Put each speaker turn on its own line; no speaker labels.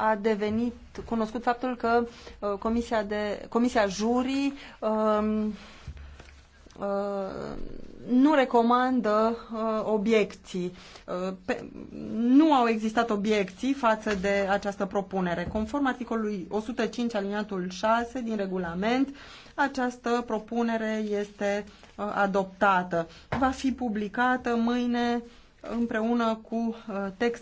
a devenit cunoscut faptul că uh, comisia, de, comisia jurii uh, uh, nu recomandă uh, obiecții. Uh, pe, nu au existat obiecții față de această propunere. Conform articolului 105 aliniatul 6 din regulament, această propunere este uh, adoptată. Va fi publicată mâine împreună cu uh, text